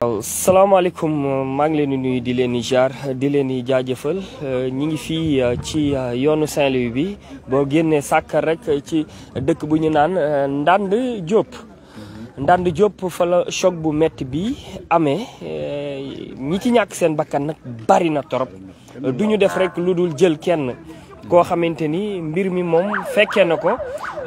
waaw salaamaaleykum maa ngi leen di nuyu di leen di jaar di leen di jaajëfal ñi ngi fii uh, ci uh, yoonu Saint-Louis bi boo génnee sàkkar rek uh, ci dëkk bu ñu naan ndànd Diop. Mhm. ndànd Diop fa la choc bu metti bi amee ñi ci ñàkk seen bakkan nag bari na torop du ñu def rek lu dul jël kenn. koo xamante ni mbir mi moom fekkee na ko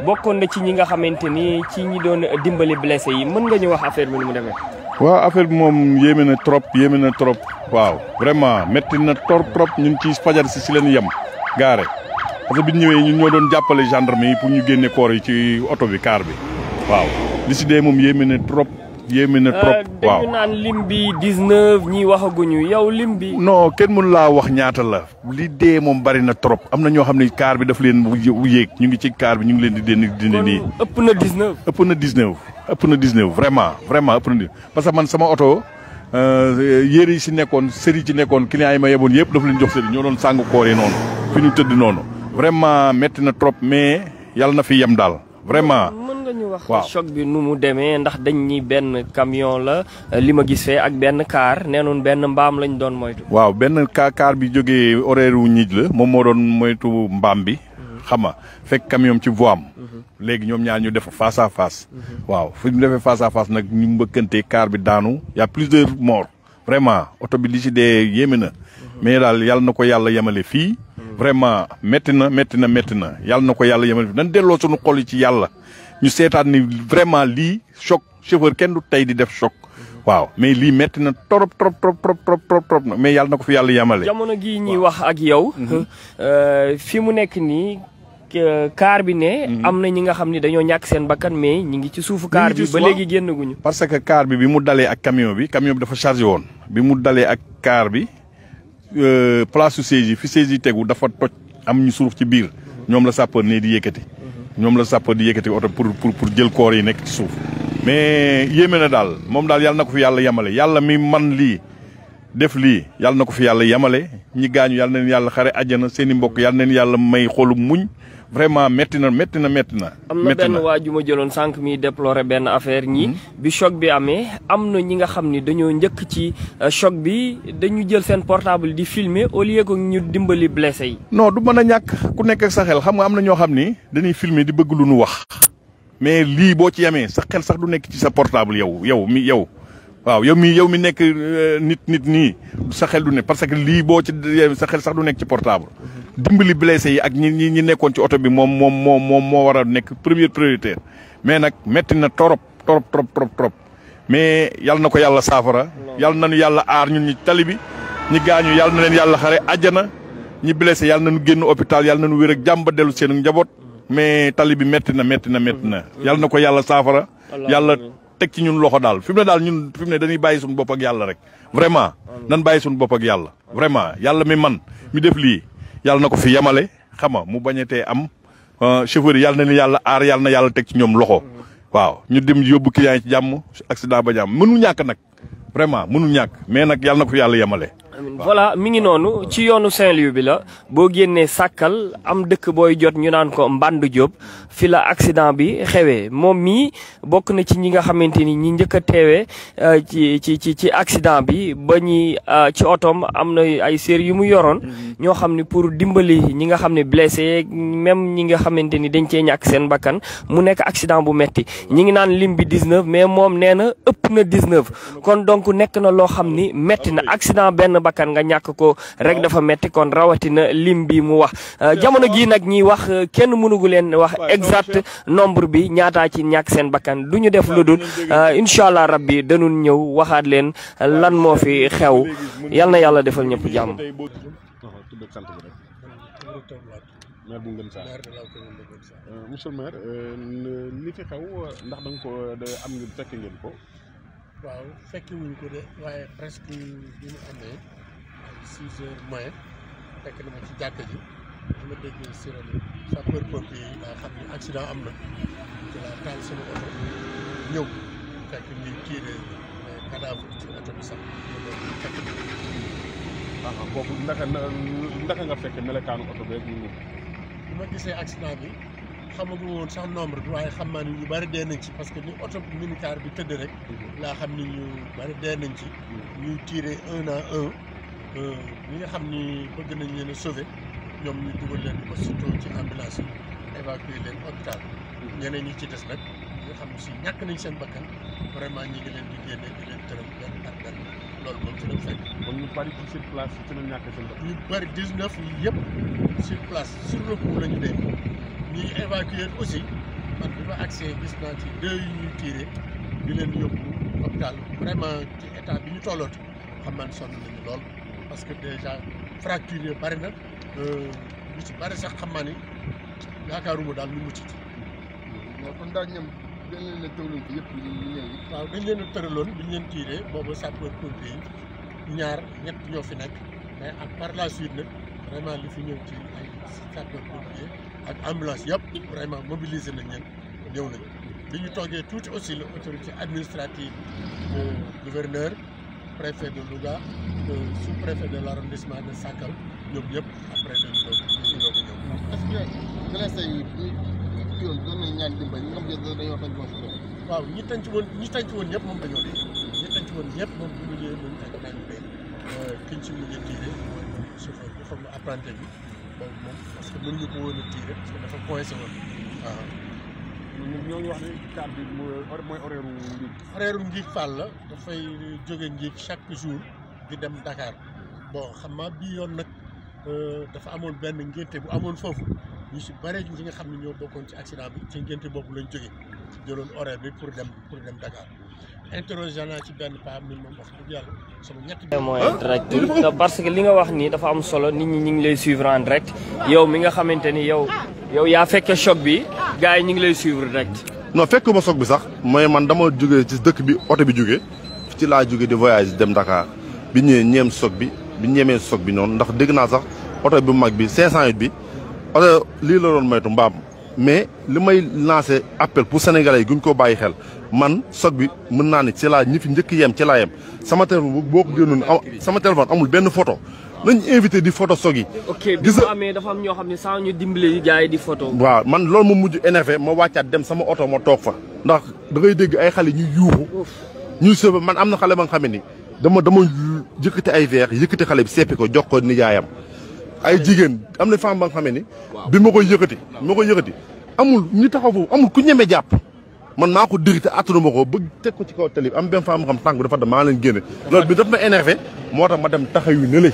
bokkoon na ci ñi nga xamante ni ci ñi doon dimbali blessé yi mën nga ñu wax affaire bi nu mu demee. waaw affaire bi moom yéeme na trop yéeme na trop waaw vraiment métti na trop trop ñun ci fajar si si leen yem gaare parce que bi ñu ñëwee ñun ñoo doon jàppale gendarme yi pour ñu génne koor yi ci oto bi kaar bi waaw li si dee moom yéeme na trop. yéeme na trop euh, waaw dañu naan lim bi 19 ñi waxaguñu yow lim bi. non kenn mënu laa wax ñaata la li dee moom bari na trop am na ñoo xam ne kaar bi daf leen yéeg ñu ngi ci kaar bi ñu ngi leen di dindi dindi nii. ëpp na 19. ëpp na 19 ëpp na 19 vraiment vraiment ëpp na 19 parce que man sama oto euh, yére yi si nekkoon sëri ci nekkoon client yi ma yeboon yëpp dafa leen jox sëri ñoo doon sàng koor noonu fu ñu tëdd noonu. vraiment métti na trop mais yàlla na fi yem daal vraiment. waaw choc bi nu mu demee ndax dañ ñi benn camion la euh, li ma gis fee ak benn kaar neenoon benn mbaam lañ doon moytu. waaw benn kaar bi jógee horaire wu ñiij la moom moo doon moytu mbaam bi. Mhm. xam nga fekk camion ci voie am. Mhm. léegi ñoom ñaar ñu def face à mhm. waaw fu ñu defee face à nag ñu mbëkkantee kaar bi daanu y' a plusieurs vraiment oto bi li ci dee yéeme na. mais daal yàlla na ko yàlla yemale fii. vraiment métti na metti na métti na yàlla na ko yàlla yemale fii nan delloo suñu xol yi ci yàlla. ñu seetaan ni vraiment lii choc chauffeur kenn du tey di def choc. waaw mais lii metti na trop trop trop trop trop trop mais yàlla na ko fi yàlla yamale. jamono gii ñuy wax ak yow. Mhm. Euh, fi mu nekk nii. kaar bi ne. Mhm. am na ñi nga xam ni dañoo ñàkk seen bakkan mais ñi ngi ci suufu kaar bi ba léegi génn guñu parce que kaar bi bi mu dalee ak camion bi camion bi dafa chargé woon bi mu dalee ak kaar bi euh, place su siège yi fi siège yi tegu dafa toj am ñu suuf ci biir mhm. ñoom la sapeur ne di yëkkati. ñoom la sàpp di yëkkati oto pour pour pour jël koor yi nekk suuf mais yéeme na daal moom daal yàlla na ko fi yàlla yemale yàlla mi man lii def lii yàlla na ko fi yàlla yemale ñi gaañu yàlla na yàlla xare àjjana seen i mbokk yàlla na leen yàlla may xolu muñ vraiment métti na métti na métti na. am na benn waa ju ma jëloon sànq mi déploré benn affaire ñi. Hmm. bi choc bi amee am na ñi nga xam ni dañoo njëkk ci euh, choc bi dañu jël seen portable di filmer au lieu que ñu dimbali blessé yi. non du mën a ñàkk ku nekk ak sa xel xam nga am na ñoo xam ni dañuy filmer di bëgg lu nu wax. mais lii boo ci yamee sa xel sax du nekk ci sa portable yow yow mi yow. waaw yow mi yow mi nekk euh, nit nit nii sa xel du ne parce que lii boo ci sa xel sax du nekk ci portable. dimbali blessé yi ak ñi ñi ñi nekkoon ci oto bi moom moom moom moom moo war a nekk première priorité mais nag metti na torop trop trop trop trop mais yal na ko yàlla saafara. yal na nu yàlla aar ñun ñi tali bi. ñi gaañu yal na leen yàlla xare àjjana ñi blessé yal na nu génn hôpital yal na nu wér ak jàmm ba dellu seen njaboot mais tali bi metti na metti na metti na. yal na ko yàlla saafara yàlla. teg ci ñun loxo daal fi ne daal ñun fi mu ne dañuy bàyyi suñu bopp yàlla rek vraiment nan bàyyi suñu bopp ak yàlla vraiment yàlla mi man mi def lii yàlla na ko fi yemale xam nga mu bañatee am euh, chauffeur yi yàlla na ni yàlla aar yàlla na yàlla teg ci ñoom loxo waaw ñu dem yóbbu ki yi jàmm accident ba jàmm mënul ñàkk nag vraiment mënul ñàkk mais nag yàlla na ko fi yàlla yemale voilà mu ngi noonu ci yoonu Saint-Louis bi la boo génnee sàkkal am dëkk booy jot ñu naan ko mbandu jóob fi la accident bi xewee moom mii bokk na ci ñi nga xamante ni ñi njëkk a teewee euh, ci ci ci ci accident bi ba ñi euh, ci otoom am na ay séer yu mu yoroon mm-hmm. ñoo xam ne pour dimbali ñi nga xam ne blessé même ñi nga xamante ni dañ cee ñàkk seen bakkan mu nekk accident bu metti ñi ngi naan lim bi 19 mais moom nee na ëpp na 19 mm-hmm. kon donc nekk na loo xam ni metti na accident benn bakkan nga ñàkk ko rek dafa metti kon rawatina lim bi mu wax euh, jamono gi nag ñi wax euh, kenn mënugu leen wax exact nombre bi ñaataa ci ñàkk seen bakkan du ñu def lu dul euh, incha allah rabbi dañu ñëw waxaat leen lan moo fi xew yal na yàlla defal ñëpp jàmm maire bu Ngën Saar monsieur le maire ko am six heures moins fekk na ma ci jàkka ji bi ma déggee sirene sapeur pompier yi ndaa xam ne accident am na ci laa taal sama oto ñëw fekk ñuy tiire cadavre ci oto bi sax ah, ah, na waaw boobu ndaka ndaka nga fekk melekaanu oto bi rek ñu ñëw bi ma gisee accident bi xamagu woon sax nombre bi waaye xam naa ni ñu bari dee nañ ci parce que ni oto minicar bi tëdd rek mhm. laa xam ni ñu bëri dee nañ ci mhm. ñuy tiire un à un Euh, ñi nga xam ni bëgg nañ leen a sauver ñoom ñu dugal leen aussitôt ci ambulance yi évacuer leen hôpital ñeneen ñi ci des nag ñi nga xam ne si ñàkk nañ seen bakkan vraiment ñi ngi leen di génne di leen tëral benn ak loolu moom ci lañ fekk. kon ñu bari ci sur place ci la ñàkk seen bakkan. ñu bari 19 yi yëpp sur place sur le coup la ñu dee ñi évacuer aussi man bi ma accès gis naa ci deux yu ñuy tiré di leen yóbbu hôpital vraiment ci état bi ñu tollooti xam naa ne sonn lool. parce que déjà fracture yi bari na euh, lu si bari sax xam naa ni yaakaaruma daal ñu mucc ci. waaw kon daal ñoom dañ leen a tëwloon ci ñu leen waaw bi ñu leen boobu sapeur pompier ñaar ñett ñoo fi nekk mais ak par la suite nag vraiment li fi ñëw ci ay sapeur pompier ak ambulance yëpp vraiment mobiliser nañ leen ñëw nañ bi ñu toogee tuuti aussi la l'autorité administrative euh, gouverneur préfet de Louga sous-préfet de l'arrondissement de Sakal ñoom ñëpp après dañu doon ñu doog a ñëw. est-ce que blessé yi ñu ñu yoon doon nañu ñaan euh, a tiire mooy chauffeur bi bi parce que mënuñu ko woon a tiire parce que dafa coincé waaw. ñoo ñu wax ne car bi mooy horaire u Ngig. horaire u la dafay jóge Ngig chaque jour di dem Dakar bon xam naa bii yoon nag euh, dafa amoon benn ngénte bu amoon foofu ñu si bare ñi nga xam ne ñoo bokkoon ci accident bi ci ngénte boobu lañ jóge jëloon horaire bi pour dem pour dem Dakar interrogé ci benn paa mi moom wax dëgg yàlla sama ñetti. mooy direct parce que li nga wax nii dafa am solo nit ñu ngi lay suivre direct yow mi nga xamante ni yow yow yaa fekke choc bi. gars yi ñu ngi lay suivre rek. noo non fekkuma soog bi sax mooy man dama jógee ci dëkk bi oto bi jógee ci laa jóge di voyage dem Dakar bi ñëwee ñeem soog bi bi ñeemee soog bi noonu ndax dégg naa sax oto bi mag bi 508 bi oto lii la doon moytu mbaam mais li may lancé appel pour sénégalais yi guñ ko bàyyi xel man soog bi mën naa ne ci laa ñi fi njëkk yem ci laa yem sama téléphone boo ko sama téléphone amul benn photo nañ invité di photo soog yi. ok bi amee dafa am ñoo xam ne sans ñu dimbali gars yi di photo. waaw man loolu ma mujj énervé moo wàccaat dem sama oto moo toog fa. ndax da ngay dégg ay xale ñu yuuxu. ñuy sëb man am na xale ba nga xam ni dama dama yëkkati ay verre yëkkati xale bi seppi ko jox ko nijaayam. ay jigéen am na femme ba nga xam ni. bi ma koy yëkkati. bi ma koy yëkkati amul ñu taxaw foofu amul ku ñeme jàpp. man naa ko diri te nu ma ko bëgg te ko ci kaw tali am benn femme xam tànk bi dafa dem maa leen génne. loolu bi daf ma énervé moo tax ma dem taxaw yu nële.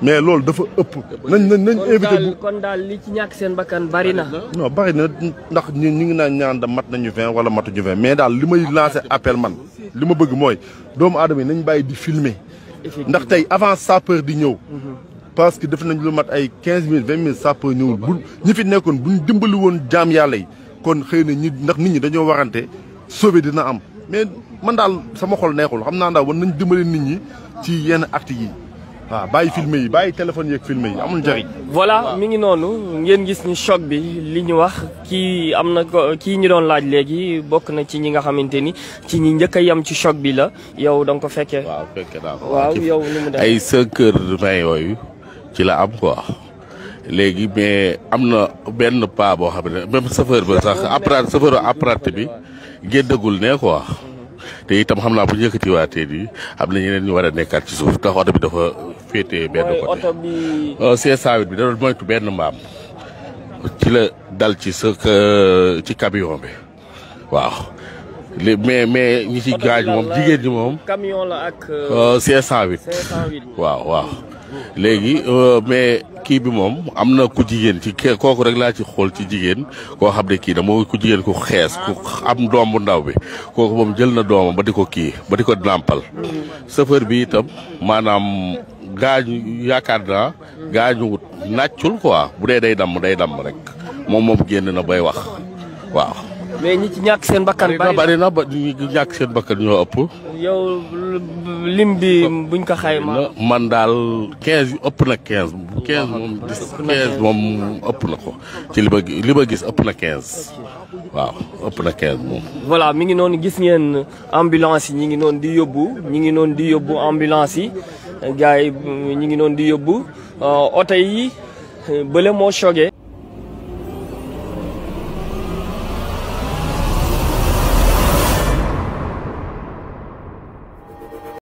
mais loolu dafa ëpp. nañ nañ nañ éviter kon daal li ci ñàkk seen bakkan bari na. non bari na ndax ñu ngi naan ñaan da mat nañu vingt wala matuñu vingt mais daal li may lancer appel man li ma bëgg mooy doomu aadama yi nañ bàyyi di filmer. ndax tey avant sapeur di ñëw. Mhm. parce que def nañ lu mat ay quinze mille vingt mille sapeur ñëwul bu ñi fi nekkoon buñ dimbali woon jaam yàlla yi kon xëy na ñi ndax nit ñi dañoo warante sauver dina am mais man daal sama xol neexul xam naa daal war nañ dimbali nit ñi ci yenn actes yi. waaw ah, bàyyi film yi bàyyi téléphone yeeg film yi amul njëriñ. voilà mi ngi noonu ngeen gis ni choc bi li ñu wax kii am na ko kii ñu doon laaj léegi bokk na ci ñi nga xamante ni ci ñi njëkk a yem ci choc bi la yow danga ko fekkee. waaw fekkee naa ko waaw yow mu demee ay cinq heures yooyu ci la am quoi. léegi mais am na benn paa boo xam ne même chauffeur ba sax apprenti chauffeur apprenti bi géddagul ne quoi. Mhm. te itam xam naa bu ñu yëkkatiwaatee nii am na ñeneen ñu war a nekkaat ci suuf féetee benn côté euh, CSA bi da doon moytu benn mbaam ci la dal ci sa euh, ci camion bi waaw mais mais ñi ci gaañ moom jigéen ñi moom. camion la euh, léegi mais. kii bi moom am na ku jigéen ci kii kooku rek laa ci xool ci jigéen koo xam ne kii da moo ku jigéen ku xees ku am doom bu ndaw bi kooku moom jël na doomam ba di ko kii ba di ko nàmpal chauffeur bi itam maanaam gaañu yaakaar naa gaañuwut nàccul ko quoi bu dee day damm day damm rek moom moom génn na bay wax waaw mais ñi ci ñàkk seen bakkan. bari na ba ñi ñàkk seen bakkan ñoo ëpp. yow lim bi buñ ko xayma. man daal quinze yu ëpp na quinze 15 moom 15 moom ëpp na ko ci li ma gis ëpp na quinze waaw ëpp na 15 moom. voilà mi ngi noonu gis ngeen ambulance yi ñu ngi noonu di yóbbu ñu ngi noonu di yóbbu ambulance yi gars yi ngi noonu di yóbbu euh, oto yi euh, bële moo choqué.